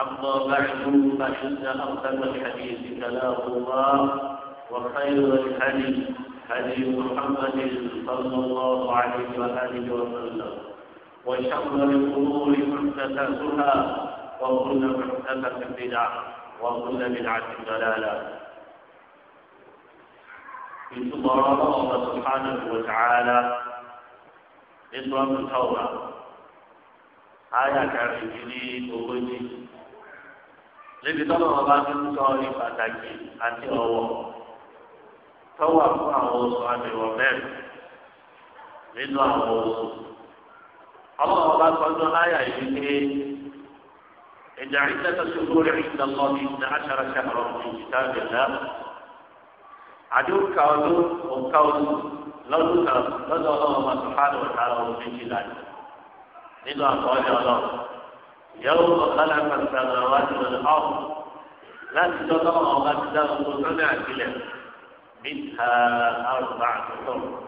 أما بعد فإن أقدم الحديث كلام الله وخير الحديث حديث محمد صلى الله عليه وآله وسلم وشر الأمور محدثاتها وكل محدثة بدعة وكل بدعة ضلالة ثم الله سبحانه وتعالى نسوة التوبة آية كريمة níbi tọ́lọ́ wọn bá tún sọ ní pàtàkì àti ọ̀wọ̀ tọ́wà fún àwọn oṣù àbẹ̀wò mẹ́rin nínú àwọn oṣù. ọlọ́wọ́ bá tọ́jú láyà yìí pé ìjà ìtẹ́tọ́ sí olórí ìdá lọ ní ìdá aṣara ṣàkàrọ̀ ní ìdá ìdá. àdéhùn káwọlú òǹkáwọlú lọ́dún kan lọ́dún ọlọ́wọ́ bá tún hàn wọ̀tá ọ̀hún méjìlá nínú àkọọ́lẹ̀ ọlọ́wọ́. يوم خلق السماوات والأرض لا تتضرع غدا صنع كلا منها أربعة حر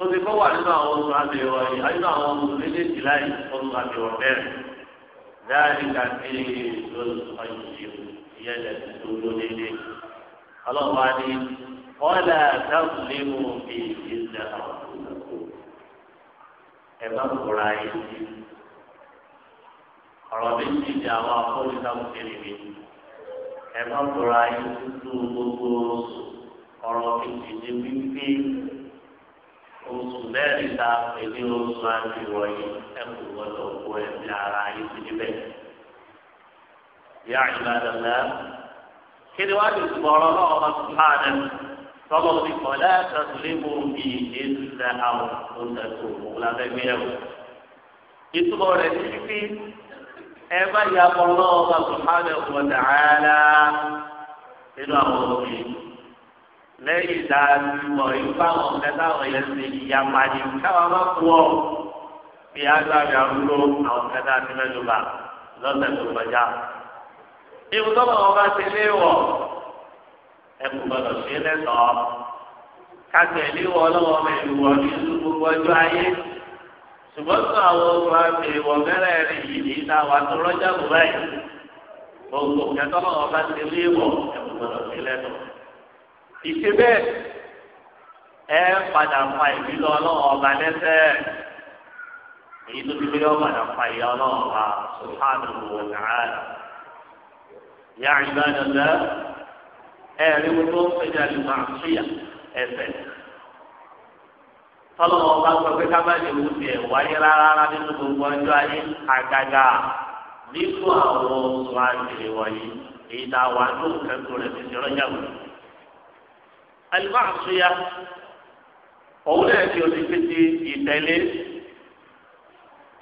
قد فوى لما أوصى بوالي أين أوصى بلد لا يصلى بوالي ذلك في الخير يد سلولي الله عليه ولا تظلموا فيهن أنفسكم أبقوا رأيتي ọ̀rọ̀ méjì ni àwọn afọ́nìtàkùn kiri mi ẹ má bọ̀rọ̀ ayé dúdú gbogbo ọ̀rọ̀ méjì ni wípé oṣù mẹ́rin ta èdè oṣù àti ìwọ̀nyí ẹ kò gbọdọ̀ kó ẹbí ara ayé ti níbẹ̀. Ìyá ìgbà dàgbà kí ni wàá dùn bọ̀rọ̀ náà wọ́n ti máa dẹ̀ tọ́lọ̀ ti kọ̀ lẹ́ẹ̀kan lé mo bì í ṣe àwọn oṣù tó kù lábẹ́gbẹ́ yẹ̀wò. Ìtumọ̀ rẹ̀ ti fi ẹ bá yà kọ́ lọ́wọ́ bá subhanahu wa ta'ala nínú àwọn òbí lẹ́yìn ìdánimọ̀ ìfọ̀ àwọn mẹ́ta àwọn yẹn ti yà pàdé káwọn bá kú ọ bí agbára arúgbó àwọn mẹ́ta ti mẹ́nu bá lọ́sẹ̀ tó kọjá. ibùdó bàbá bá ti léwọ̀ ẹ kò gbọdọ̀ sí lẹ́sọ̀ọ́ kásẹ̀ léwọ̀ ọlọ́wọ́ mẹ́rin wọ̀ ní gbogbo ọjọ́ ayé ṣùgbọ́n sọ àwọn ọmọ àti ìwọ̀gẹ́rẹ́ rẹ̀ yìí ní ìta wà tó rọ́jà bù báyìí gbogbo kẹtọ́ náà wọ́n bá ti lé wọ̀ ẹ̀kú gbọ́dọ̀ sí lẹ́nu. ìṣe bẹ́ẹ̀ ẹ padà fa ìbí lọ ọlọ́wọ́ ọba lẹ́sẹ̀ èyí tó ti fi yọ padà fa ìyá ọlọ́wọ́ ọba subhanahu wa ta'ala. ìyá ẹ̀rí wo ló ń pèjà lè máa ṣíyà ẹsẹ̀ tọ́lọ́ wọn sọ pé kábàdì wù tiẹ̀ wáyé rárá nínú gbogbo ọjọ́ ayé àgàgà nínú àwọn oṣù àgbèrè wọ̀nyí èyí tá a wà ní òkèkò rẹ̀ ti ṣẹlẹ̀ yàgò. àlùfáà sọ òun náà ti oníkejì ìtẹ̀lé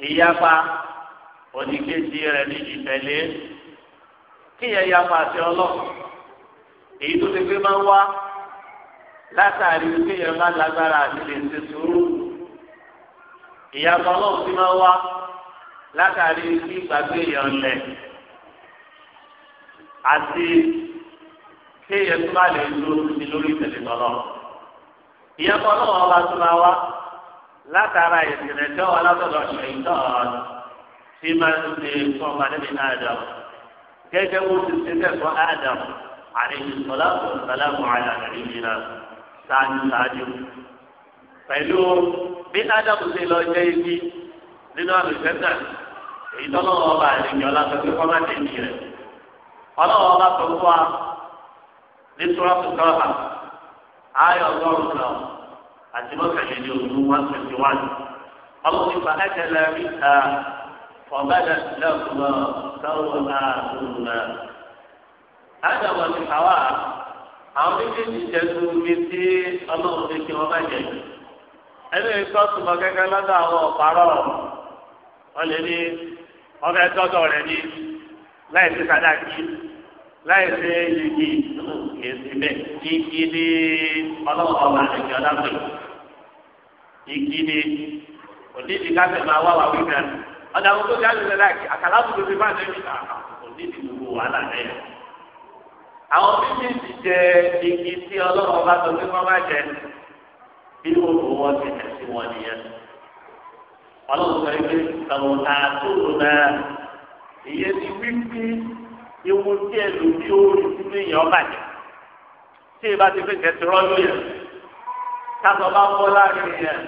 ìyapa oníkejì rẹ̀ ní ìtẹ̀lé kíyẹn yapa àti ọlọ́ èyí tó ti gbé máa ń wá látàrí pé yẹn bá lágbára àti lè ṣe sùúrù ìyàtọ̀ ọlọ́run ti máa wá látàrí kí ìgbàgbé yẹn lẹ̀ àti kéèyàn tó bá lè lo ní lórí ìtẹ̀lé tọ́lọ́ ìyàtọ̀ ọlọ́run ọba tó máa wá látara ìsìnlẹ̀ tó wà látọ̀dọ̀ ṣèyítọ́ọ̀n tí máa ń ṣe fún ọmọ níbi Ádámù gẹ́gẹ́ bó ti ṣe fẹ́ fún Ádámù àlejò sọlá fún sọlá fún àyà àríyìn náà ṣáájú ṣáájú pẹ̀lú bí ádámù ṣe lọ jẹ́ ibi nínú àlùfẹ́tà èyí tọ́lọ́wọ́ ọba àlejò ọlọ́sọ̀tún kọ́ máa tẹ̀lé rẹ̀ ọlọ́wọ́ ọba tó fún wa ní túrọ́pù tọ́lá ayọ̀ ọgọ́rùn lọ àti mọ́kànlélẹ́ ogun one twenty one ọlọ́wọ́ ìfà ẹ̀kẹ́lẹ́ rí ta ọ̀bẹ́lẹ̀ lẹ́kùnrin náà tọ́wọ́ náà tó nà ádámù àti hàwá. àwọn méjèèjì jẹ́nu omi tí ọlọ́run fi kí wọ́n bá jẹ ẹni ìkọ́ sùnmọ́ kẹ́kẹ́ lọ́dọ̀ àwọn ọ̀párọ̀ wọ́n lè ní ọbẹ̀ tọ́tọ̀ rẹ̀ ní láì sí sàdáàkì láì sí yìí kìí sí bẹ́ẹ̀ igi ọlọ́run ọba ọ̀dàpẹ̀ igi ní onídìí káfẹ́ máa wá wà wíwẹ̀ ọ̀dà gbogbo jáde lẹ́láàkì àkàlà àwọn bíbí ti jẹ igi tí ọlọ́run bá sọ pé wọ́n má jẹ bí òòrùn wọn ti tẹ̀ sí wọn nìyẹn ọlọ́run sọ pé ọ̀run àtúrò náà ìyẹn ti wí pé ewu tí ẹ lò bí orí sínú èèyàn bàjẹ́ tí ìbá ti fi kẹ̀tì rọ́ọ̀lù yẹn ká bá bọ́ láàrin yẹn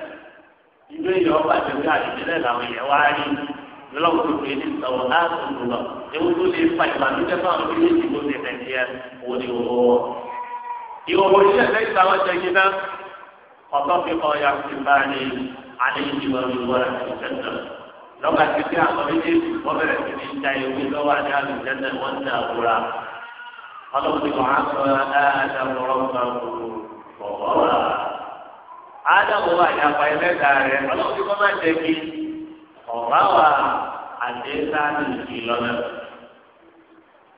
ìlú èèyàn bàjẹ́ bí àdìmílẹ̀ làwọn èèyàn wá rí lọ́wọ́ tó fi ní sọ̀rọ̀ láàbùkù lọ ewu tó lè fa ìbànújẹ́ fún àwọn ilé ìdìbò ti rẹ̀ díẹ̀ wò ni wò wọ́. ìhòòhò iṣẹ́ lẹ́yìn táwọn jẹ gíná ọ̀tọ́ fi kọ́ ya ti bá ní alẹ́ ìdìbò ìwọ ìjẹ́nà lọ́gbà tí kí àwọn ilé ìdìbò bẹ̀rẹ̀ sí ní ta ìwé lọ́wọ́ àti àlùjẹ́nà wọ́n ń dà wúra. ọlọ́run ti kọ́ àtọ́ àdàmọ́rọ́ ọ̀bá wa àdéhùn ìlọ́nà.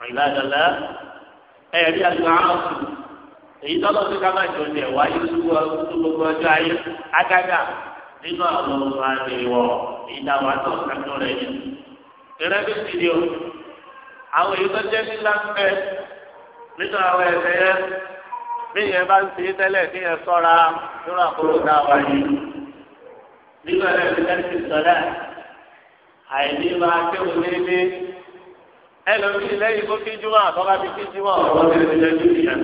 ìbádọ́lá ẹ̀rí àti àwọn èyí tọ́lọ́ sí kámá jọ ní ẹ̀wá yìí tó gbogbo ọjọ́ ayé ágágà nínú àwọn ọmọ àti ìwọ ìdáwọ́ àtọ̀ kájọ rẹ̀ yìí. ìrẹ́bí ti di o àwọn èyí tó jẹ́ nílá ń bẹ nínú àwọn ẹ̀fẹ́ yẹn bí yẹn bá ń ṣe é tẹ́lẹ̀ kí yẹn sọ́ra nínú àkóró dáwà yìí. nígbà náà ti dá àìní máa kéwòn nílé ẹlòmíì lẹ́yìn tó kí júmọ̀ àtọ́ka ti kí júmọ̀ ọ̀rọ̀ ti ti lẹ́jú ìyá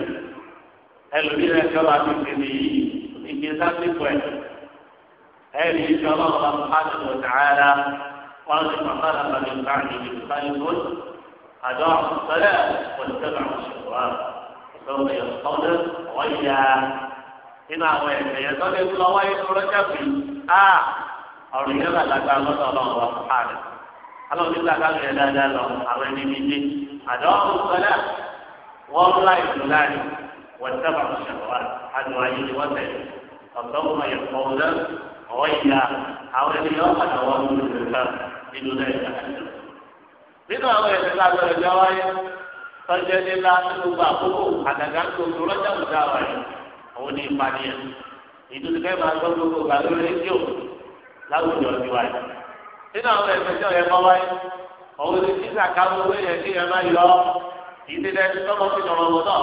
ẹlòmíì lẹ́yìn tó bá ti ti ní ìgbé sásìkò ẹ̀ ẹ̀rí ìjọba ọ̀la pàṣẹ ọ̀tàrà wọn ti pàpà làbàlẹ̀ nípa ìlú ìpàdé tó àjọ àkùsọ̀lẹ̀ pọ̀lítẹ́lá ọ̀ṣọ̀wá ìfọwọ́ yẹn tọ́lẹ̀ ọ̀wọ́ yá nínú àwọn ẹ̀sẹ̀ yẹn tọ́lẹ̀ tó lọ́wọ́ yẹn tó rọ́jà ọ̀rọ̀ ìjọba lágbára lọ́dọ̀ ọlọ́run wa hàn alọ́run nígbà káàkiri ẹ̀ dáadáa lọ àwọn ẹni méjì àdánwò sọlá wọ́n láì tó láì wọ́n sábà ṣàwárà àdùn ayé ni wọ́n tẹ̀lé ọ̀tọ́ wọn yẹ kọ́ ọ́ lẹ́nu ọ̀wọ́ ìyá àwọn ẹni yọ padà wọ́n mú ìlú ká nínú náà ìjà nínú àwọn ẹ̀sìn lágbára ìjà wáyé tọ́jú ẹni ńlá gbogbo àkókò àgàgà gbogbo lọ́jà òjà wáyé òun ní ìpàdé ìdúdú kẹ́ máa gbọ́ gbogbo gbà lórí láwùjọ ti wáyé nínú àwọn ẹgbẹ́ tí kọ́ wáyé ọ̀hún ti tíṣà káwọn owó yẹn kí ẹ má yọ ìdí lẹ́nu tọ́mọ fi nà ọmọ náà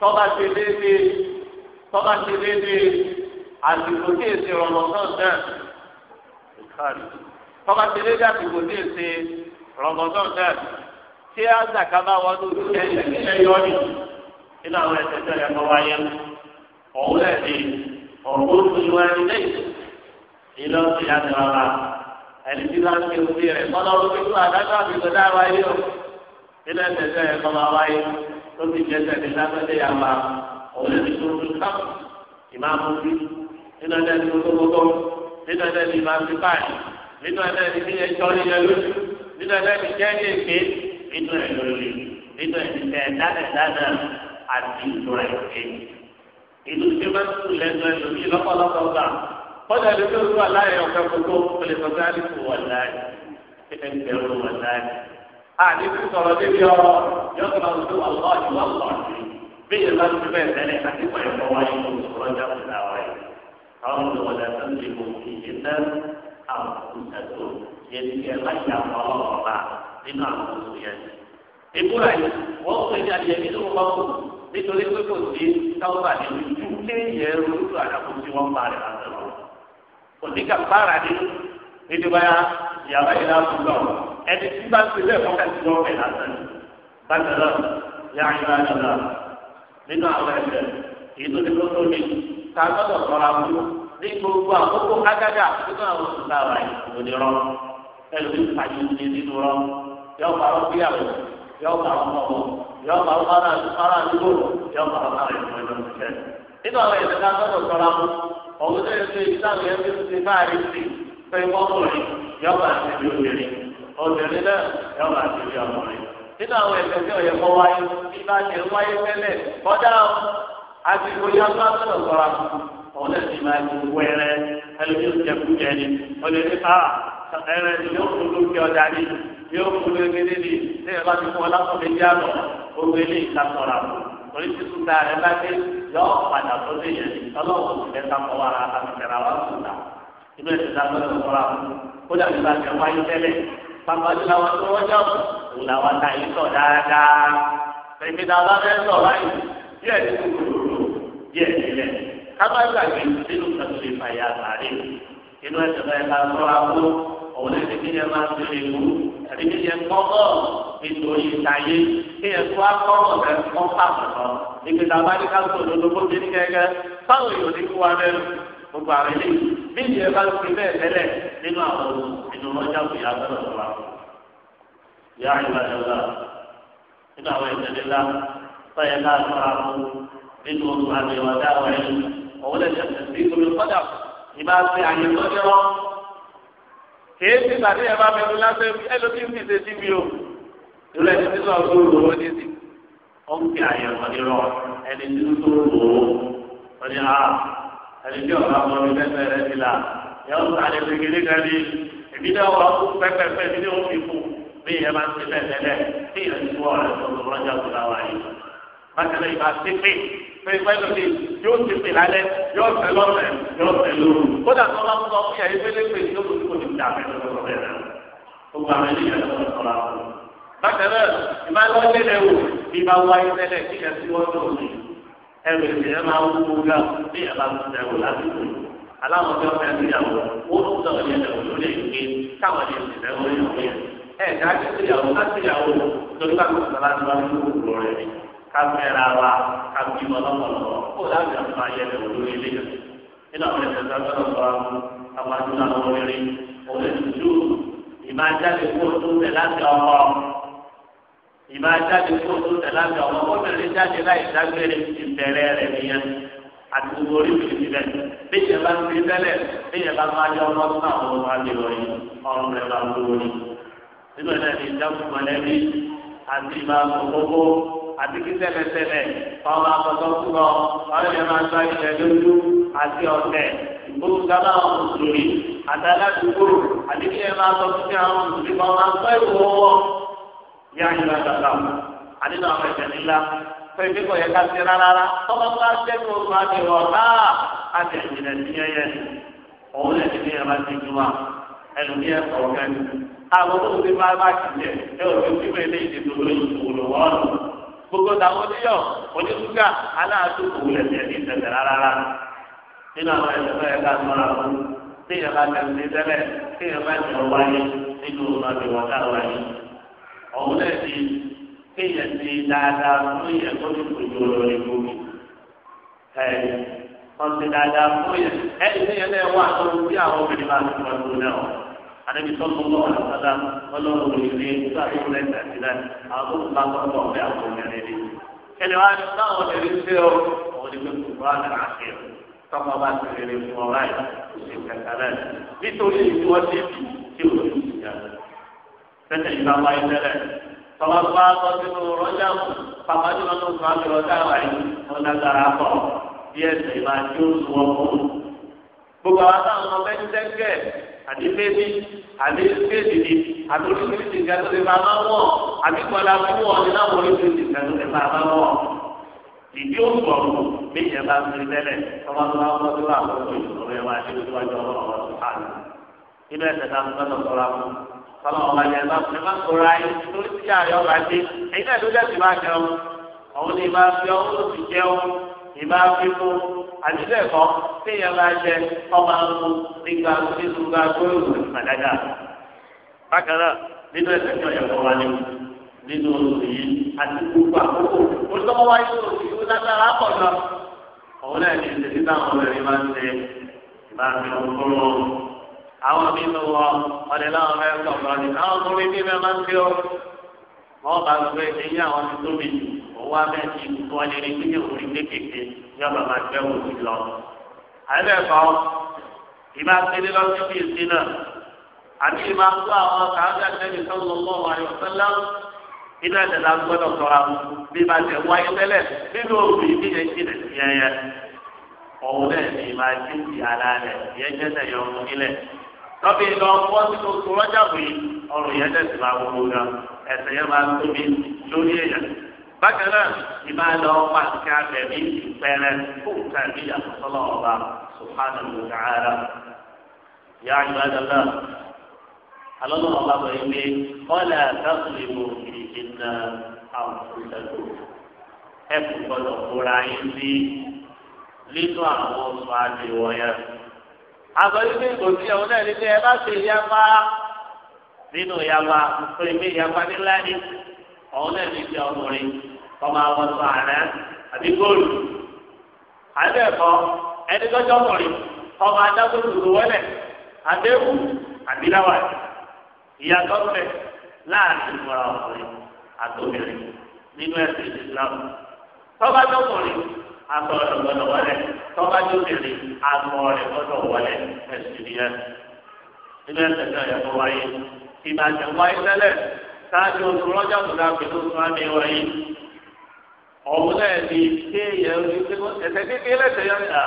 tọ́ba ṣe déédéé tọ́ba ṣe déédéé àsìkò tí èsì ọmọ náà náà tọ́ba ṣe déédéé àsìkò tí èsì ọmọ náà náà tí a zàkà bá wọn ló ti ẹ yọ ni nínú àwọn ẹgbẹ́ tí kọ́ wáyé ọ̀hún ẹ̀ ìlọ sí àti bàbá ẹni tí wọn fi òfin rẹ kọ́ lọ́wọ́ pé kó àdájọ́ àbíkọ́ dá wáyé o ilé tẹ̀sẹ̀ rẹ kọ́ máa wáyé tó fi jẹ́ tẹ̀lé lágbẹ́dẹ́ yà wá òun ní tuntun káp ìmáàmù bí nínú ẹ̀dẹ́ ní gbogbogbò nínú ẹ̀dẹ́ ní ìmáàmù báyìí nínú ẹ̀dẹ́ ní bí ẹjọ́ ní yẹn lójú nínú ẹ̀dẹ́ ní jẹ́ ní èké nínú ẹ̀ lórí nínú ẹ̀ ní tẹ̀ dáadáa kọ́dà ló ló ló aláyẹ̀ ọ̀gá gbogbo olè sọ sáà nípò wà láàyè ẹ̀fẹ̀ ń bẹ̀rù wà láàyè. a ní kí sọ̀rọ̀ débi ọ̀rọ̀ yọ sọ̀rọ̀ tó wà lọ́ọ̀dì wà lọ́ọ̀dì bí yẹn bá ti bẹ́ẹ̀ tẹ́lẹ̀ àti pẹ̀lú ọwọ́ ayé ló sọ̀rọ̀ jáde láwa yìí. àwọn olùwọ̀dà tó ń lè mọ ìyè náà àwọn olùdàtò yẹn ti kẹ́ láyé àwọn ọlọ́ọ̀ba nínú àwọn oṣù yẹn. ìbúra yìí wọ́n pè ní àyẹ̀mí ló wọ́n nítorí pé kò sí táwọn bá lè ju léyìn ẹrú lójú àdàkùn tí wọ́n bá rẹ̀ kò ní ká bára ní níbi báyà ìyàwó yìí náà tún lọ ẹni tí bá ti lé ẹ̀kọ́ kẹ́sì lọ́wọ́ ẹ̀ lásán bákan náà yà á yà á lọ nínú àwọn ẹ̀ṣẹ̀ èyí tó ti kó tó ní ká gbọ́dọ̀ sọ̀rọ̀ àwọn ní gbogbo àkókò ágágà nínú àwọn oṣù táwa yìí kò ní rọ ẹlòmí fàyè ní nínú rọ yọ ọba àwọn gbéyàwó yọ ọba àwọn ọmọ yọ ọba àwọn ará àdúgbò yọ ọba àwọn ará ìfọwọ́ ìfọwọ́ nínú àwọn ẹ̀sìn ká gbọ́dọ̀ sọ̀rọ̀ mú ọ̀hún tó yẹ kó ibi táwọn yẹn fi ń ṣe báyìí sí pé ọkùnrin yọba àti ìlú obìnrin obìnrin náà yọba àti ìlú ọkùnrin nínú àwọn ẹ̀sìn tí ọ̀yẹ̀ kọ́ wáyé bí bá ṣe ń wáyé tẹ́lẹ̀ kọ́dá àsìkò yẹn ká gbọ́dọ̀ sọ̀rọ̀ mú ọ̀hún náà ti máa ju wẹ́rẹ́ ẹlòmíì ń jẹkú jẹni ọ̀lẹ́ni ká ẹ̀rẹ́ ni yóò fún lókè ọjà ni yóò fún lókè nídìí torí tí súnta rẹ bá dé yọ padà tó lé yẹn ọlọ́run ti fẹ́ sáfọ́ wa ara àtẹ̀rà wa súnta inú ẹ̀sìn sáfọ́ ló kọ́ra ó dàbí bá tẹ wáyé tẹ́lẹ̀ pàpàdé làwọn tó wọ́n jọ kù làwọn ta yìí sọ dáadáa pèmídà bá fẹ́ sọ báyìí díẹ̀ ní kúkúrú díẹ̀ nílẹ̀ kábàgbà gbé sínú kàtó òun lè fi kíni ẹ máa ṣe lè wú àti kíni ẹ kọ́kọ́ nítorí ìtàyé kí ẹ tó akọ́kọ́ rẹ wọ́n pàtàkọ́ ìgbésà bá ní káńtó lọ́dọ̀ bó ti ní kẹ́kẹ́ báwo yóò ní kú wa bẹ́ẹ̀ gbogbo àwọn ilé bí ìdí ẹ bá ń fi bẹ́ẹ̀ tẹ́lẹ̀ nínú àwọn ìnú ọjà kò yá bẹ́ẹ̀ lọ́dọ̀ wa. ìyá àyùbá ìjọba nínú àwọn ìṣẹ̀lẹ̀ ńlá báyẹn náà sọ̀rọ̀ àwọn nínú ọdún àmì ọ̀dà wọ̀nyí kìí ti gbà tí ẹ bá fẹ́ẹ́ lásán ẹlòmí ń fìdí sí mi o ìlú ẹni tí sọ tó lò ó ní sí ó ń fi àyè ọ̀dí rọ ẹni tí tó lò ó ọdí ha ẹni tí ọ̀gá mọ mi fẹ́ẹ́ rẹ ti là yọ ọ́ sàlẹ̀ kékeré kan ní èmi náà wà kú pẹ́pẹ́pẹ́ mi ní ó fi kú bí ìyẹn máa ti bẹ́ẹ̀ tẹ́lẹ̀ bí ìyẹn ti wọ́ ọ̀rẹ́ tó lọ́wọ́ ọjà tó láwa yìí bákẹ́lẹ́ ìjà mẹ́tọ́ tó bẹ̀rẹ̀ náà ó gba àwọn ẹlẹ́yìn ẹ̀rọ tó sọ̀rọ̀ àwọn. bákan náà ìmọ̀ ẹ̀rọ ilé rẹ̀ wò bí bá wáyé tẹ́lẹ̀ kí ẹ ti wọ́n tó ní ẹrù ìṣẹ̀lẹ̀ máa ń wúwo gá bí ẹ bá tún ẹrù lásìkò aláwọn ọjọ́ fẹ́ sí ìyàwó ó ń sọ ìyẹn ẹ̀rù lórí ìgbé káwọn ìṣẹ̀lẹ̀ wọlé ìwé ẹ̀ dájú sí ìyàwó láti ìyàwó torí bá tó láti wá ní òkú rẹ̀ ni kámẹ́rà wa kábí ọlọ́pọ̀lọ́ kó láti àtúnṣe ayẹyẹ olórí olùdókòwò ìmájáde kóòtù tẹ̀ láti ọmọ ìmájáde kóòtù tẹ̀ láti ọmọ obìnrin jáde láì dágbére ìbẹ̀rẹ̀ rẹ̀ nìyẹn àti gbogbo orí òkè níbẹ̀ bíyẹn bá ń fi tẹ́lẹ̀ bíyẹn bá máa yọ ọmọ fún àwọn ọmọ àlèrò yìí ọrùn rẹ̀ bá lówó ni nínú ẹ̀ náà ní ìdáhùn mọ̀lẹ́bí àti ìmọ̀ àkókò àti kí tẹ́lẹ̀tẹ́lẹ̀ ọmọ àkọ́kọ́ fún ọ àti ọ̀tẹ̀ ìgbóhùnsáná àwọn mùsùlùmí àti aládùúgbò àdìgbì ẹ̀ máa sọ fún àwọn mùsùlùmí kan máa ń pẹ́ ìwọ́ wọ́ yá ìlú àgbàgbà àdínà àwọn ẹ̀jẹ̀ nílá fẹ́ mi kọ̀ yẹ ká sí rárá tọ́kọ́ bá dẹ́kun ọgbà ti rọ̀ náà á ti ẹ̀jìnà sí yẹyẹ òun lè ti ní ẹ̀ máa ti jùmọ̀ ẹlòmí ẹ̀ sọ̀rọ̀ kẹ́ni àwọn tó ti máa bá kìlẹ̀ ẹ̀ ò ní gbogbo tàwọn oníyọ̀ onígbà aláàtú òun lè tẹ̀lé ìtẹ̀lẹ̀ rárá nínú àwọn ẹ̀sìn náà ẹ̀ka mọ́ra fún tí ìyẹn bá tẹ̀sí tẹ́lẹ̀ tí ìyẹn bá tẹ̀ wáyé nínú ọ̀nàbí wọ́tá wáyé. ọ̀hún náà ti kéèyàn ti dáadáa fún ìyẹn tó ti kù ju olórí gbòógì. ẹ̀ẹ́dì wọ́n ti dáadáa fún ìyẹn ẹ̀ẹ́dì ní ìyẹn náà wà tó bí àwọn obìnrin máa ti pọ̀ tó náà. àdébí sọ́kùn lọ́wọ́ àtàlà ọlọ́run òṣèlú nígbà tó lẹ́gbẹ̀ẹ́ sílẹ̀ àwọn tó bá tọ́kọ̀ ọ̀fẹ́ àwọn obìnrin ni. kẹ́lẹ́ wá ní táwọn obìnrin tọ́mọ bá ti rere fún ọ láì kò sí kẹta náà nítorí ìlú ọtí bì tí ò ní ìyá tẹ́tẹ́ ìgbà wáyé tẹ́lẹ̀ tọ́mọ bá tọ́ sínú rọ́jà mú pàmò àti wọn tó fún àmì rọ́jà wáyé wọn lágbára pọ̀ bí ẹsẹ̀ ìmọ̀ àti oṣù ọkọ̀ gbogbo àwọn táwọn ọmọ ẹni tẹ́ńkẹ́ àti bébí àti bébìdì àti oríṣiríṣi ìgbà tó lè máa máa wọ̀ àti fún ọ̀ ìdí òkú ọ̀hún bí ìyẹn bá ń fi tẹ́lẹ̀ ọba tó bá wọ́n tó bá wọ́n tó ìṣòro ẹ̀ wá sí ìwájú ọ̀rọ̀ ọ̀rọ̀ tó hàn. inú ẹ̀sẹ̀ ta ló tọ́ sọ́ra fún tọ́lá ọba ni ẹ bá ẹ bá sọ̀rọ̀ ayé tó ti ṣe àyọ̀ ọba dé èyí náà ló dẹ̀ ti máa jẹun òun ni ìbá fi ọwọ́ tó ti jẹun ìbá fi mú àdúgbò ẹ̀kọ́ tí ìyẹn bá jẹ ọba mú nígbà nígbà gbóòrò ìmàdágà. bákan náà nínú ẹ̀sẹ̀ tí ọ̀yọ̀ nínú oṣù yìí àti gbogbo àkókò olùdókòwò ayé oṣù yìí ó lágbára pọ̀ lọ. òun náà ní ìṣèlú táwọn obìnrin máa ń ṣe ìbáraẹni òkúrò àwọn nínú wọn ọdẹ láwọn fẹẹ sọ̀rọ̀ ni àwọn ọkùnrin ní bẹ́ẹ̀ máa ń ṣe ó. wọn bá sọ pé eyín àwọn ti tóbi òun wá bẹ́ẹ̀ ti kọ ní ní kíkẹ orí kékèké yóò bá máa gbẹ òun ti lọ. àyẹ̀bẹ̀kọ ìbá tẹ́lẹ̀ lọ sí bí ìsìn náà àti ìbá tó àwọn kàá iná ìdẹ̀lá gbọ́dọ̀ sọ̀rọ̀ àwọn bí ba tẹ̀ wáyé tẹ́lẹ̀ nínú òbí bí yẹn ti rẹ̀ sí ẹyẹ. ọ̀hún náà ni ìmọ̀ àti ti ara rẹ̀ yẹn jẹ́ tẹ̀ yọ ọmọ nílẹ̀. lọ́bí lọ wọ́n ti tó tó rọ́jà pé ọrùn yẹn tẹ̀ sí máa wọ́n gan ẹ̀sẹ̀ yẹn máa tóbi lórí èèyàn. bákan náà ìmọ̀ àlọ́ wà sí abẹ̀mí ìpẹrẹ fún kàbí àtọ́sọ́lọ́ ọba sùhánù alọ́nà ọba bọ̀ ilé ọ̀là àtàkùnlémù ìdènà àwùjọ ẹ kò gbọdọ̀ fúra yín sí nínú àwọn oṣù àdéhùn yẹn. àgbẹ̀lẹ́gbẹ̀ ìgbòsí ẹ̀hún náà nílé ẹ bá ṣe ìyapa nínú ìyapa tó ìgbé ìyapa nílá ni ọ̀hún náà ní ti ọkùnrin ọmọ àwọn oṣù àná àbí góòlù. àdéhùn ẹni tó jọkùnrin ọmọ adágún tuntun wọlé àdéhùn àbíláwà ìyàtọ̀ bẹ̀ láàrin ìmọ̀ra ọkùnrin àtòbìnrin nínú ẹ̀sìn ìsìlámù tọ́ba tó kùnrin àtọ̀ rẹ̀ gbọ́dọ̀ wọlé tọ́ba tó bìnrin àtọ̀ rẹ̀ gbọ́dọ̀ wọlé ẹ̀sìn nìyẹn nínú ẹ̀sìn náà yẹ kó wáyé ìbàjẹ́ wáyé tẹ́lẹ̀ sáájú oṣù rọ́jà tó dáa pẹ̀lú oṣù àmì wáyé ọ̀hún náà ni kéèyàn ẹ̀sẹ̀ kékeré lẹ́sẹ̀ yọ̀ǹda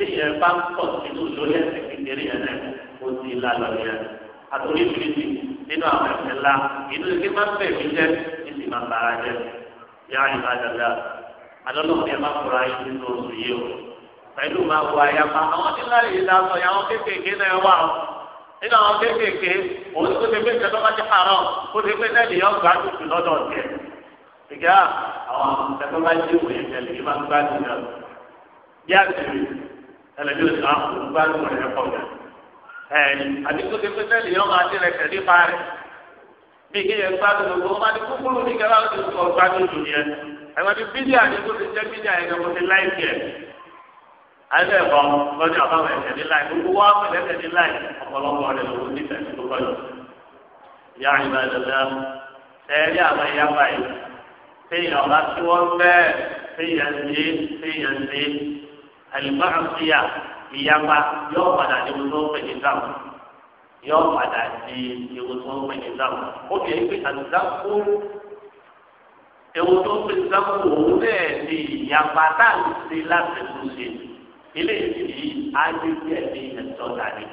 tí ìyẹn bá ń pọ̀ nínú lórí ẹsẹ̀ kékeré yẹn náà ó ti la lọ yẹn àtòrí fìdí nínú àwọn ẹsẹ̀ ńlá inú ilé máa ń bẹ̀rù jẹ́ ní ti máa bàrà jẹ́ yá ìlà dàda adọ́lọ́mọdé máa fura yín nínú oṣù yìí o pẹ̀lú máa wọ àyàpá àwọn nílá yìí la sọ yàwọn kéékèèké náà wà o nínú àwọn kéékèèké òun tó ti gbé ìjọba bá ti parọ́ kó ti gbé náà nìyọ́ gbádùn jù lọ́dọ̀ ọ̀tẹ̀ ìgbà àwọn ìjọba bá ti wù ẹlẹ́bí òsì àkùnrin bá lù rẹ̀ pọ̀ jù ẹ̀ẹ́dì àdìgbò ti pété lè yọ máa tẹ̀lé tẹ̀lé parí bí kí yẹn gbádùn gbogbo wọn máa di kúkúrú ní kẹlá òsì sọ gbádùn jù yẹn ẹ̀wọ̀n ti bídí àdìgbò ti jẹ́ bídí àyẹ̀kẹ́ mo ti láì tiẹ̀ ayé ẹ̀kọ́ lọ́jọ́ àbáwọ̀ ẹ̀kẹ́ ní láì gbogbo wa pẹ̀lú ẹ̀kẹ́ ní láì ọ̀pọ̀lọpọ̀ rẹ̀ lọ́wọ́ ní tẹ̀sí tó kọ́lọ̀ yá ìbàdàn ẹ̀rí àwọn ẹ̀yà báyìí téèyàn bá tí wọ́n fẹ́ téèyàn ń dé téèyàn ń dé àlùbáàmùsíyà ìyapa yóò padà di ewu tó ń pè ní dáàmù yóò padà di ewu tó ń pè ní dáàmù ó kì í pè àdúgbò ewu tó ń pè ní dáàmù òun náà ni ìyapa táàlù sí láti tún ṣe ilé ìdílé ágbègbè ẹ̀mí ẹ̀tọ́ dání.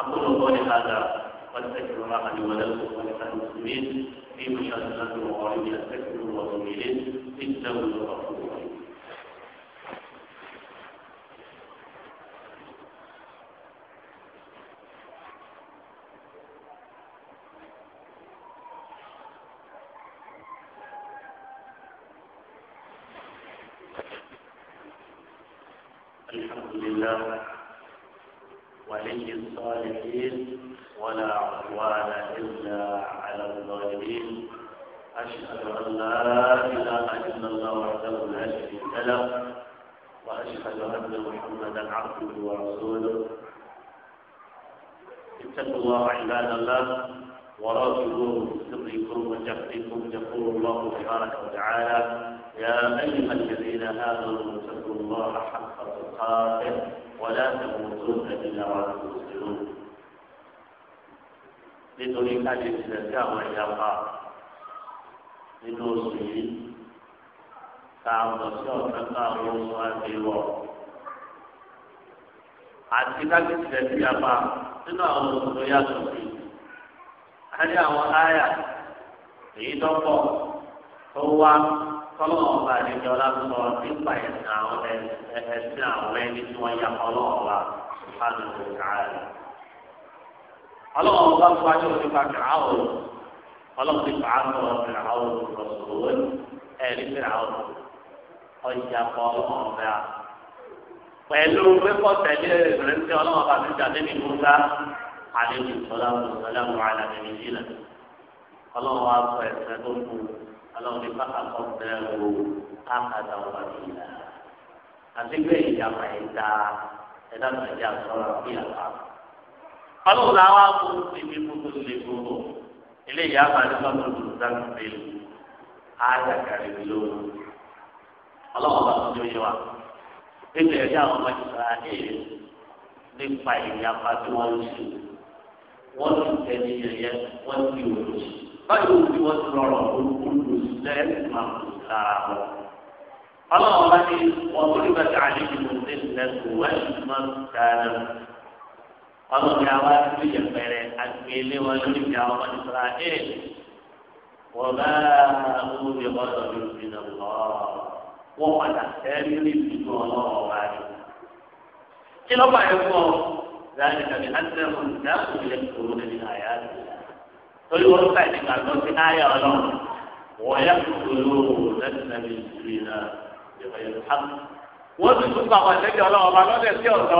àbúrò kọ́ ní kájà wọ́n ti tẹ̀sí wọn láti wọlé ọ̀sán ní kájà ní ìmúṣẹ́ àti láti wọ̀ ọ́ ní ìyàtẹ̀sí wọn lọ́wọ́ mi lé ní ìtẹ̀wọ̀n lọ́wọ́ الحمد لله ولي الصالحين ولا عدوان إلا على الظالمين أشهد أن لا إله إلا الله وحده لا شريك له وأشهد أن محمدا عبده ورسوله اتقوا الله عباد الله وراجعوه في سركم وجهدكم يقول الله تبارك وتعالى يا أيها الذين آمنوا اتقوا الله حق تقاته ولا تموتن إلا وأنتم مسلمون نتوني كاجي في الزكاة والجفاء نتوني سيدي كاعدة سيوة كاعدة سيوة كاعدة àti káfí tilẹ̀ ti yapa nínú àwọn olùkọ́ yàtọ̀ sí i á ní àwọn áyà èyí tó pọ̀ tó wá tọ́lọ́wọ́ bá àdéjọ lásọ nípa ẹ̀sìn àwọn ẹ̀sìn àwọn ẹni tí wọ́n ya ọlọ́wọ́ bá sùpàdé kàárẹ̀. ọlọ́wọ́ bá fúwájú nípa kàáwò ọlọ́wọ́ ti fà á sọ kàáwò lọ́sọ̀rọ̀ ẹ̀rí kàáwò ọjà kọ́ ọlọ́wọ́ bá pẹ̀lú pẹ́kọ̀ tẹ̀lé ìrẹsì ọlọ́wọ́ bá ti jáde ní kúta àdéjọ sọlá sọlá wà lálẹ́ nílẹ̀ ọlọ́wọ́ á sọ ẹ̀sẹ̀ tó kù ọlọ́run ní pápá kan bẹ́ẹ̀ wo ákàtà wà nílà àti pé ìjàmbá ìta ẹ̀dá tó ẹ̀jẹ̀ àtọ́ra bí àbá. ọlọ́run làwọn akó ibi kúkú lè gbogbo ilé ìyá àbájọ bá tó dùn sáà bẹ́ẹ̀ àjàkàrí mi lóru ọlọ́run bá tó yẹ wa ètò ẹ̀dá àwọn ọmọ ìsọ̀rọ̀ àti èyí nípa ìyàmbá tí wọ́n ń ṣe wọ́n ti tẹ̀lé yẹn wọ́n ti wò lóṣù. báyìí ó ti wọ́n ti rọrọ̀ olùsílẹ̀ máa kò sára wọn. ọlọ́run bá ní wọn tó nígbà tí àlejò ló ti lẹ̀ kó wáyé máa ń sára. ọlọ́run ní àwa ti lè yẹpẹrẹ àgbélé wọn lórí ìjà ọmọ ìsra ẹ̀. wọ́n bá owó bí wọ́n sọ bí òfin náà lọ. wọ́n padà sẹ́rí ní ìdúró ọlọ́run wá ní. kí ló bá yẹ fún ọ? láti kàbí àti ẹ̀rọ ìdáàbò ilẹ̀ kòrónà ní àyà àti torí wọn ká ìdìgbà tó ti náyà ọlọ́run wọ́n yá olówó lẹ́sìnà mi ìlú iná ìjọba yẹn hàn. wọ́n ti tún pa àwọn ìṣẹ́jọ́ ọlọ́run ọba lọ́dẹ sí ọ̀tọ́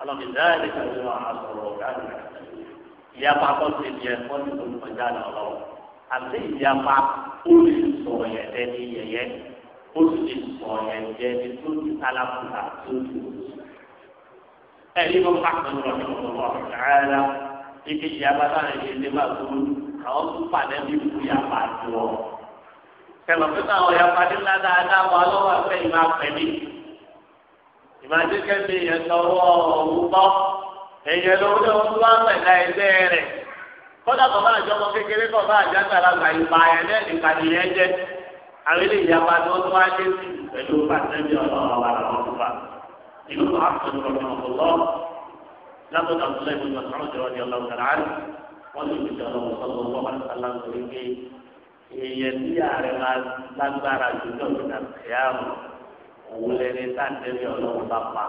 ọlọ́run ìdáyẹ̀lẹ̀ kan ló máa sọ̀rọ̀ ọ̀gáàdì ìyapa tó ti yẹ wọ́n ti tún kọjá lọ ọlọ́run àti ìyapa ó lè sọ ẹ̀dẹ́ ní yẹyẹ ó sì lè sọ ní tó ti alákùnrin tó ti wò. ẹ̀yin ló ìkejì abata rẹ̀ ṣe lé máa gbóró àwọn tó pàdé bí kú ya pa jù ọ. Kẹlọ pípa àwọn ya padì ńlá dáadáa wà lọ́wọ́ ẹgbẹ́ ìmọ̀ àpẹ̀lẹ́. Ìmọ̀dékẹ́ mi yẹn sọ̀rọ̀ òun bọ́. Èyẹ lówó ni wọ́n wá pẹ̀lá ẹgbẹ́ rẹ̀. Kọ́dà kọ̀ bá àjọ ọmọ kékeré kọ̀ bá àjọ àgbàlagbà ìpa ẹ̀ náà nìkan ni yẹn jẹ́. Àwọn ilé ìyapa ni wọ́n tó wá dé sí pẹ̀lú pàtẹ́bí ọlọ́run ọ̀bàlà ọ̀túnba. Ìlú àtúntò ọ̀tún لابد عبد الله بن مسعود رضي الله تعالى عنه ولم يجعله صلى الله عليه وسلم يقول يدي على لنبارا جدود القيامة ولن تنتمي الله بابا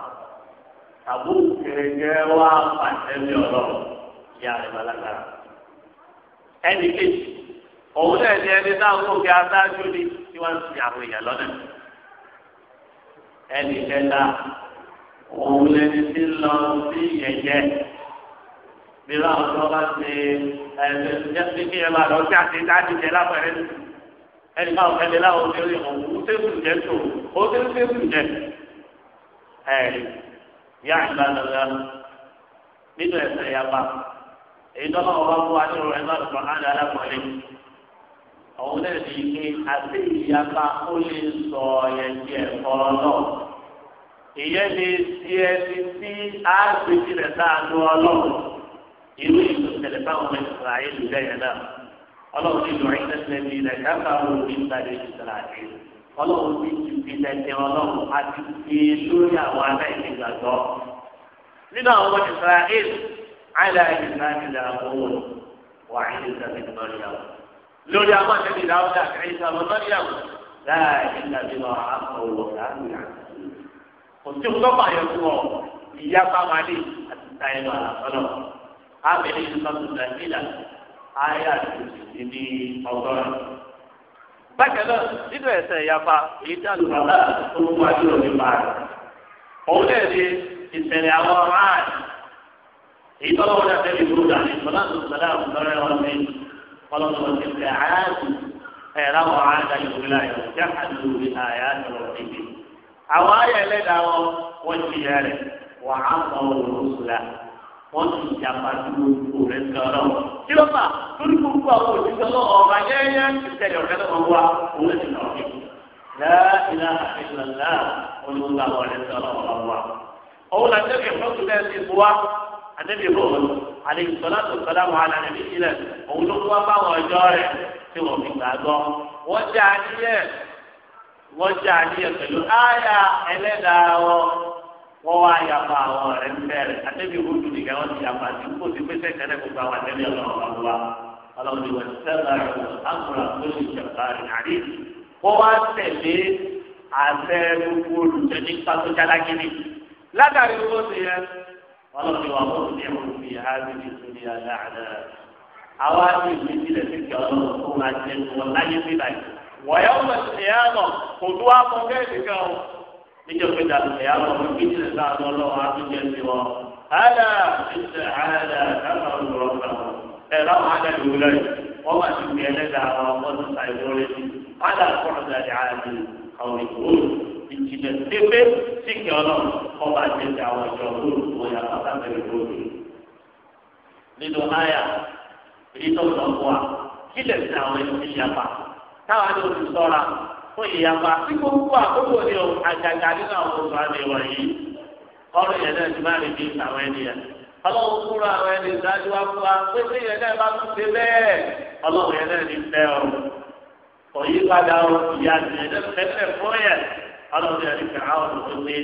أبو كرجوا فتنمي الله يا رب العالمين ẹnì kejì òun náà ní ẹni náà kó kí aṣáájú ni tí wọn ń sin àwọn èèyàn lọ́nà ẹnì kẹta òun lẹni tí ń lọ sí yẹ̀yẹ́ bí láwọn tó bá ṣe ẹ̀ẹ́dẹ̀ẹ́dẹ́ sí kí ẹ máa lọ sí àti dájú jẹ lápẹ̀rẹ́ ẹni máa fẹ́ lé láwọn obìnrin òun tẹ́sùn jẹ tó ó tẹ́sùn jẹ ẹ̀rí yá ìgbà lọ́la nínú ẹ̀sẹ̀ yaba èyí tó bá wọn fún wa nínú ẹ̀sẹ̀ ọ̀sán á ní alákọ̀ọ́lẹ̀ òun náà ní ike àti ìyapa ó lè sọ ẹ̀yẹ ẹ̀kọ́ náà. ìyẹn lè ṣe ẹni tí a gbé sílẹ̀ sáànù ọlọ́run ìlú ìlú báwọn ọmọ ìsọ̀rọ̀ ayé lù lẹ́yìn náà ọlọ́run ní ìlú ẹ̀ṣẹ̀ tẹ̀lé ní ilẹ̀ káfà ọ̀run ní ìgbàdé ìsọ̀rọ̀ àti ọlọ́run ní ti fi tẹ̀tẹ̀ ọlọ́run àti fi lórí àwọn aláìsí gbàgbọ́. nínú àwọn ọmọ ìsọ̀rọ̀ ayé àìlà ìsìlámìlà owó wà ní kò sí òun lọ́pàá ìyá pàmálì àti táyẹ̀lú àlàfọ́nà ábẹ̀lẹ̀ ìsọ́tù nàìjíríà ayé àtúntì ní ọgọ́rùn. bákan náà nínú ẹ̀sẹ̀ ìyapa èyí tí àlùbọ́lá tó ń wájú òní bá rẹ̀ òun náà ní ìṣẹ̀lẹ̀ àwọn ráàd èyí tó lọ́wọ́ náà tẹ́lẹ̀ ìgbóhùn àti ìṣọ̀lá tó sọ̀lá àwùjọ́rẹ́ wọn ní ọlọ́dún ti àwọn ayé ẹlẹ́dàá wọn wọ́n ti yẹ rẹ̀ wà á mọ òrùsùlà wọ́n ti jàpá dúró rẹ̀ sọ̀rọ̀. kí ló fà lórí gbogbo àwọn òṣìṣẹ́ lọ ọ̀rọ̀ ayẹyẹ ti tẹ̀lé ọ̀rẹ́ lọ́wọ́ wa òun ti nà ọ̀kẹ́. láìlà ìlànà olùgbà ọ̀rẹ́ sọ̀rọ̀ ọ̀rọ̀ wa. òun làtẹ́ kẹ́ fọ́tún ẹ̀ ti bu wa àtẹ́bí bòun àlejò sọlá tó sọlá wọn àlàyé bí sílẹ̀ òun ló wá báwọn ọjọ́ rẹ̀ tí wọ́n fi gbàgbọ́ wọ́n jẹ́ àníyàn pẹ̀lú àyà ẹlẹ́dàá wọn wọ́n wá yàpá àwọn ọ̀rẹ́ ń bẹ̀rẹ̀ àtẹ́bí ìwúdù nìkan wọ́n ti yàpá tí kò sí pèsè kẹ́lẹ́ gbogbo àwọn àtẹ́bí ọlọ́run wa ọlọ́run ni wọ́n sẹ́lá àkùrà lórí ìjọba rẹ̀ àrí wọ́n wá tẹ̀lé àṣẹ gbogbo olùjẹ́ ní pàtójálágírí látàrí owó ti yẹ ọlọ́run ni wọ́n mú ní ẹ̀wọ̀n fi àárín ìtúni àdáàdá àwọn àti ìgbésílẹ̀ sí wọ̀yá ọmọ ìyá lọ kò tó wá mọ kẹ́ẹ̀sì kan o níjẹ́ pé dàlù ìyá lọ fún kí nílẹ̀ sáà lọ lọ́wọ́ àtúnjẹ sí wọn. hálà ìṣe hálà káfà ń lọ ọ̀gá wọn. ẹ láwọn hálà ìlú rẹ wọn bá ti fi ẹlẹ́dàá wọn wọn ti sa ìwọ rẹ sí. hálà kọ́nà dàdí àdì àwọn ìgbòho ìjìnlẹ̀ pépé sí kí ọlọ́run wọn bá ti ṣe àwọn ìjọ olóòtú ọ̀yà pátákẹ́rẹ́ ìgbòho. nínú àyà èyí tó sọ fún wa kí lè fi àwọn ẹni táwa ní olùsọ́ra fún ìyàpá tí gbogbo àkókò ní o àjàgà nínú àwọn oṣù àmì wọ̀nyí ọrùn yẹn náà ti má lè bí àwọn ẹni yẹn ọlọ́run kúrò àwọn ẹni ìdájú wa fún wa pé tí yẹn náà bá tún ṣe bẹ́ẹ̀ ọlọ́run yẹn náà ní fẹ́ ọ òyípadà ọ ìyá yẹn náà fẹ́fẹ́ fún yẹn ọlọ́run yẹn ní fẹ́ àwọn olùkọ́ni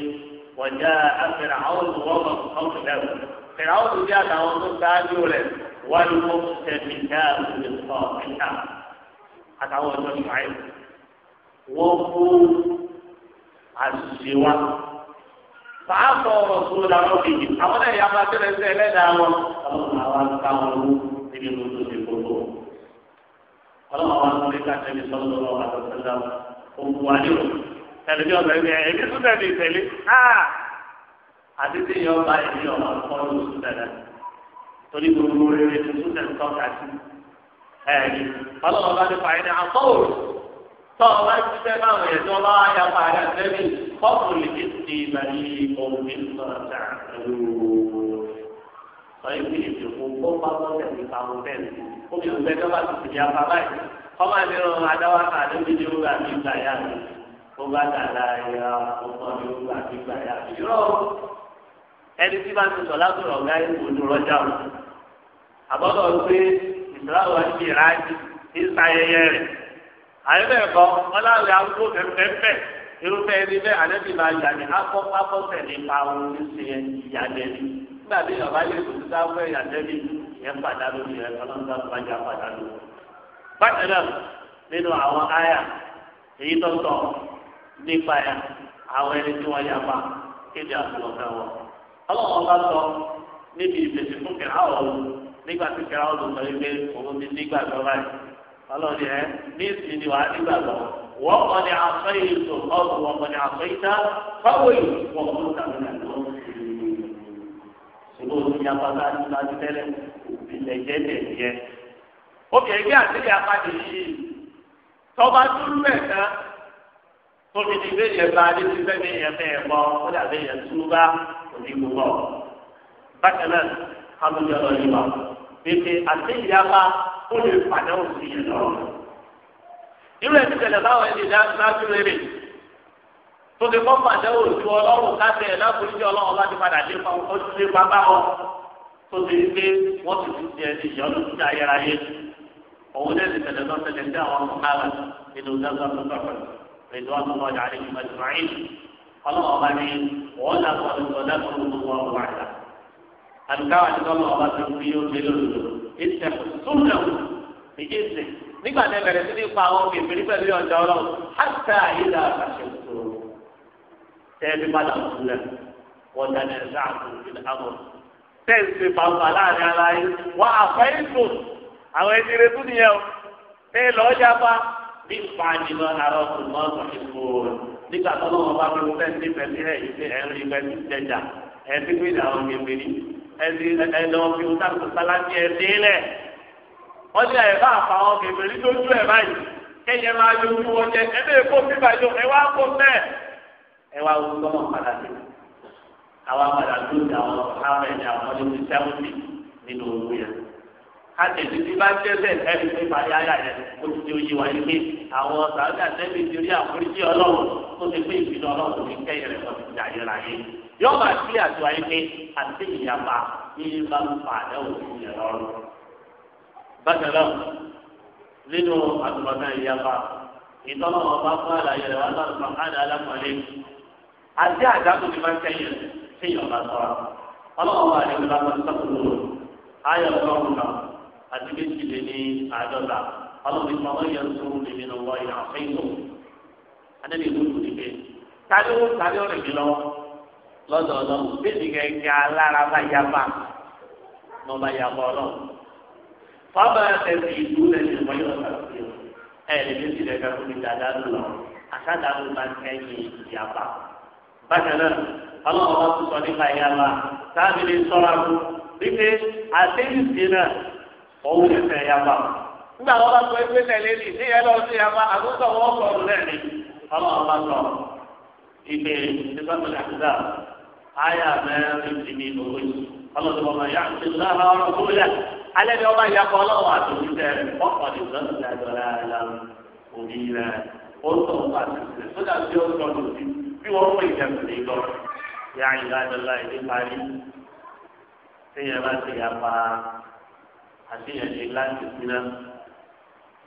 wọ́n já àfẹ́rẹ́ àwọn olùwọ́mọ̀ ọ̀kùnrin fẹ́rẹ́ àwọn olùkọ́ni àtàwọn tó ṣáájú rẹ̀ wọ́n ló mú tẹ̀mí náà lè sọ ìta. àtàwọn ọjọ́ ṣùgbọ́n wọ́n fún àṣìṣe wa. fàáfọ̀ ọ̀rọ̀ tó làwọn kejì àwọn náà máa tẹ́lẹ̀ sí ẹlẹ́dàá wọn ọlọ́run àwọn àgbà wọn wú níbi tó tó ṣe gbogbo. ọlọ́run àwọn àgbà nígbà tẹ́lẹ̀ sọ́dọ̀ lọ́wọ́ àtọ̀tẹ́lẹ̀ wọn òkú wa ní òkú. ẹlẹ́bí ọ̀gá ẹ̀mí ẹ̀mí tún tẹ̀lé ìtẹ̀lé àti tí yọ ọba ẹ̀mí ẹ̀rí ọlọ́run bá ti fàyín àtọ́wò tọ́ ọ bá ti fẹ́ báwọn yẹn tí wọ́n bá wá ya fàyín àtẹ́bí kọ́pù lè ti ti ìbàdí òun ìsọ̀rọ̀ tà lóòó. ọ̀yẹ́ fi ètò fún kó bá wọ́n tẹ̀lé fáwọn bẹ́ẹ̀ ni ó fi òfin tó bá ti tìlẹ̀ apá báyìí ọmọ mi rán adáwà ká lóbi ní ó gbà mí gbà yá mi ó bá dàda ya ọmọ mi ó gbà mí gbà yá mi. irọ́ ẹni tí bá ti sọ̀ látọ̀rọ̀ gáyé kò rọ́jà o àbọ̀dọ̀ pé ìsìláwọ̀ ti ìrájì ìsayẹyẹ rẹ̀ àyẹ̀bẹ̀ kọ́ ọláwẹ̀ arúgbó fẹ́fẹ́fẹ́ irúfẹ́ ẹni bẹ́ẹ̀ àlẹ́bí máa yà ní akọ́ akọ́fẹ́ nípa ohun ṣe ìyá lẹ́nu nígbà tí bàbá yẹ kò ti dáwọ́ ẹ̀yà ìyẹn padà lórí bá jà padà lórí. nínú àwọn nígbà tí kẹrà ọdún sọ wípé òun ti nígbàgbọ́ báyìí ọlọ́ọ̀ni ẹ ní ìsinmi wàá nígbàgbọ́ wọ́n kọ́ ni aṣọ ìṣò ọ̀sùn wọn kọ́ ni aṣọ ìṣá fáwọn èèyàn wọn kọ́ tàbí náà ló ń ṣùgbọ́n òun ni apáta nípa ti tẹ́lẹ̀ ìpìlẹ̀ jẹ́ tẹ̀lé obìnrin bí àtìlẹ̀ apáta yìí tọ́ba dúró mẹ́ta tóbi ní kálójà lọ yìí wa pépé àti ìyáfa ó lè padà òsì yẹn lọ. irú ẹni tẹ̀lé báwọn ẹni dájú rere tó ti kọ́ padà òsì ọlọ́run káṣẹ ẹ̀ láforíjì ọlọ́run bá ti padà lé pa ọtí lé pa bá wọn tó ti rí pé wọ́n ti ti tiẹ̀ ní ìyọ́nù tí a yẹra òun náà ti tẹ̀lé lọ tẹ̀lé ní àwọn ọmọ náà nínú dáadáa tó bá pẹ̀lú pẹ̀lú àwọn ọmọ ọjà àlejò ọlọ́run ọba ni wọ́n làkọ̀ọ́ àdùkáwà ní tọ́lọ̀ ọba tó fi yóò gbé lòdò ìtẹ̀ súnmọ̀ ìdí ìsìn nígbà tẹ bẹ̀rẹ̀ sí ní pa àwọn kèfèrí pẹ̀lú ọjọ́ ọlọ́run hàtà ìlà àṣẹ kúrò tẹ́ẹ̀bí padà sílẹ̀ wọ́n dáná ẹ̀dá àkùnrin ní àbọ̀ tẹ́ẹ̀sì pàmpà láàrin ara yìí wọ́n àfẹ́yìntò àwọn ẹni retú nìyẹn o tẹ́ẹ̀ lọ́ọ́ jápa bí ìpàdé lọ àrọ́ ọ̀tùnmọ́ ọ̀tùnmọ́ nígbà tọ́lọ́wọ́n bá fi fẹ́ẹ́ ní pẹ̀lú ẹ̀ ẹni ẹlọ fi wúta tó sálámì ẹ délẹ̀ wọ́n ti àyè bá àfa wọn kèfèrí lójú ẹ̀ báyìí kẹ́yẹ máa yọ ojú wọn jẹ ẹ bẹ́ẹ̀ kó bíbá yọ ẹ wá kó bẹ́ẹ̀ ẹ wá wọ sọ́mọ̀ padà sí àwọn padà lójú àwọn ọ̀hánmẹ́ni àwọn ọdún sẹ́wọ́n nínú owó yẹn kátẹ̀sí bí bá tẹ́sẹ̀ ẹni pé parí ayá rẹ̀ ó ti di oyè wá yìí pé àwọn sàádé àtẹ́bí ti rí àforíjì ọlọ́run tó ti pé ìpinnu ọlọ́run ní kẹ́yìn rẹ̀ lọ́sí ti ayé láyé. yọ́ọ̀bà sí àtiwá yìí pé àti ìyapa ní bá ń fa àdáwò ìyẹn lọ́rùn. bákan náà nínú àtúmọ̀tán ìyapa ìtọ́nà ọba fún àlàyé rẹ̀ wá sọ̀rọ̀ àdá alákọ̀ọ́lé àti àdáwò àti méjì lé ní àádọ́ta ọlọ́run ìfọ̀ wọn yẹ kó lè mi lọ́wọ́ ìyá fẹ́yìntò anábì ìlú ìlú nìke tàbí ó tàbí ó rìn mí lọ́wọ́ lọ́dọ̀ ọlọ́run bẹ́ẹ̀ni kẹ̀kẹ́ alára bá yá bá ní ọba yá bọ́ ọlọ́run fọ́ọ̀mù ẹ̀sìn ìlú lẹ́sìn ìwọ́n yóò sàkóso ẹ̀ lè méjì lẹ́ka bákan náà ọlọ́run bá tún sọ nípa ìyàpá táàbí lè sọ́ra fún wípé àtẹ́yìn sí náà òun lè ya yaba nígbà wọn bá sọ ẹgbẹ́ tẹ̀lé ní ní ẹ lọ sí àgùntàn wọn kọ ọdún rẹ ni bá sọ ìgbè ìdíbàtò àdúrà àyà mẹ́rin ti ní owó yìí bá máa yá àti lára ọ̀rọ̀ tó ni ọba yà kọ àtòkù tẹ ọkọ ní rẹ tí ó sọ bí wọn ìjẹun lọ yà ìlànà ìlú parí yẹn bá ti àti ìyẹ̀dì láti síná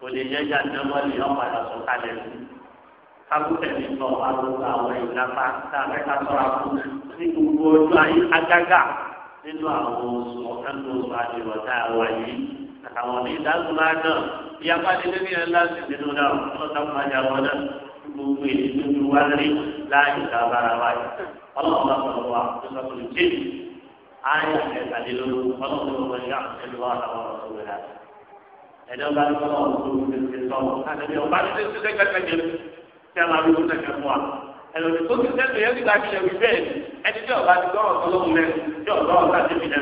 kò lè jẹ́ jáde mọ́lì ọ̀padà sọ kalẹ̀ sí. kábùtẹ̀ mi sọ àlùkò àwọn ìlàpá tá a fẹ́ ká sọ́ra fún ní gbogbo ojú ayé agágà nínú àwọn oṣù ọ̀kan tó oṣù àdìrọ̀tà wà yìí àtàwọn ní ìdásùn máa dàn ìyá pàdé lórí ẹ̀ láti nínú náà ọlọ́ta máa jà wọn náà gbogbo èdè tó láàyè tá wáyé ọlọ́run bá sọ̀rọ̀ wa tó sọ آية يتعللون فضلوا من يعصي الله ورسوله ẹni ọba ní sọ ọdún tó ń tẹsí sọ ọdún ẹni ọba ní tẹsí sẹkẹ sẹkẹ tí a máa fi tún sẹkẹ fún wa ẹni ọdún tó ti sẹkẹ yẹn nígbà tí ẹwì bẹ́ẹ̀ ẹni tí ọba ti gbọrọ sọlọmù lẹ tí ọba ọba ti fi lẹ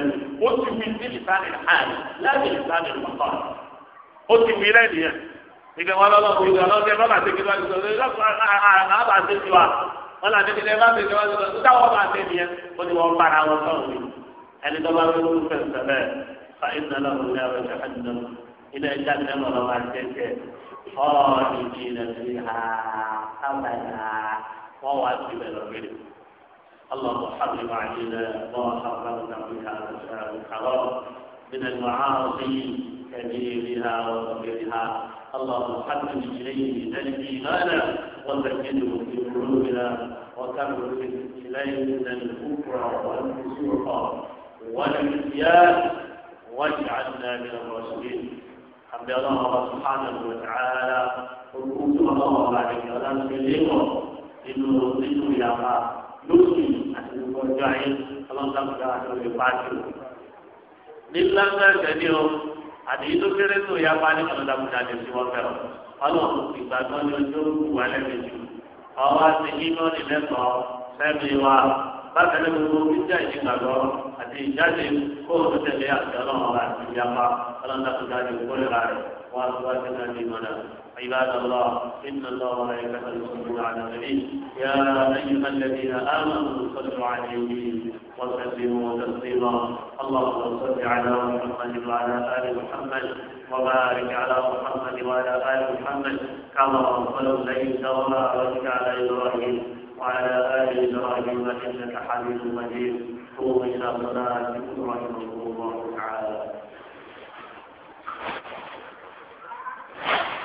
ó ti fi sí ìsáni àì láti ìsáni ọkọ ó ti fi lẹ́yìn yẹn ìgbẹ wọn lọ lọkùnrin lọ lọsẹ bàbá àti kíkọ àti sọsọ lọkùnrin àbá àti tiwa wọn làdé kíkọ ẹ bá ti tiwa sọsọ táwọn bá ti tiẹ ó ti wọn bára wọn sọ̀rọ̀ هل دبر ملوك السماء فإن له نار جهنم إلى جهنم رواتك خالدين فيها أبدا وواجب الرجل اللهم حرم علينا ما حرمنا بها الأشياء الحرام من المعاصي كبيرها وكبيرها اللهم حرم إلينا الإيمان وسكنه في قلوبنا وكرر إلينا الكفر والفسوق والعصيان واجعلنا من الراشدين حمد الله سبحانه وتعالى قلوب الله عليك ولم تلقوا إنه ظل يقع يسلم أسلم وجعل اللهم صل على فاتح nílànà gẹ̀dẹ̀ o àti yìí tó kéré tó ya pa ní ọ̀dàkùnrin àti ìsìn wọn fẹ́ràn ọlọ́run ìgbàgbọ́ ni ojú ó wù wá lẹ́nu jù ọwọ́ àti yíyan ní mẹ́tọ́ sẹ́mi wa bákan náà gbogbo gbígbà ìdígbàgbọ́ àti ìjáde kó o tó tẹ̀lé àti ọlọ́run ọba àti ìyapa ọlọ́run dákúndá ní ìkórìíra rẹ̀ wọ́n á tún wá sí náà ní ìmọ̀nà. عباد الله إن الله لا وملائكته يصلون على النبي يا أيها الذين آمنوا صلوا عليه وسلموا تسليما اللهم صل على محمد وعلى آل محمد وبارك على محمد وعلى آل محمد كما صليت وباركت على إبراهيم وعلى آل إبراهيم إنك حميد مجيد قوم إلى صلاتكم رحمكم الله تعالى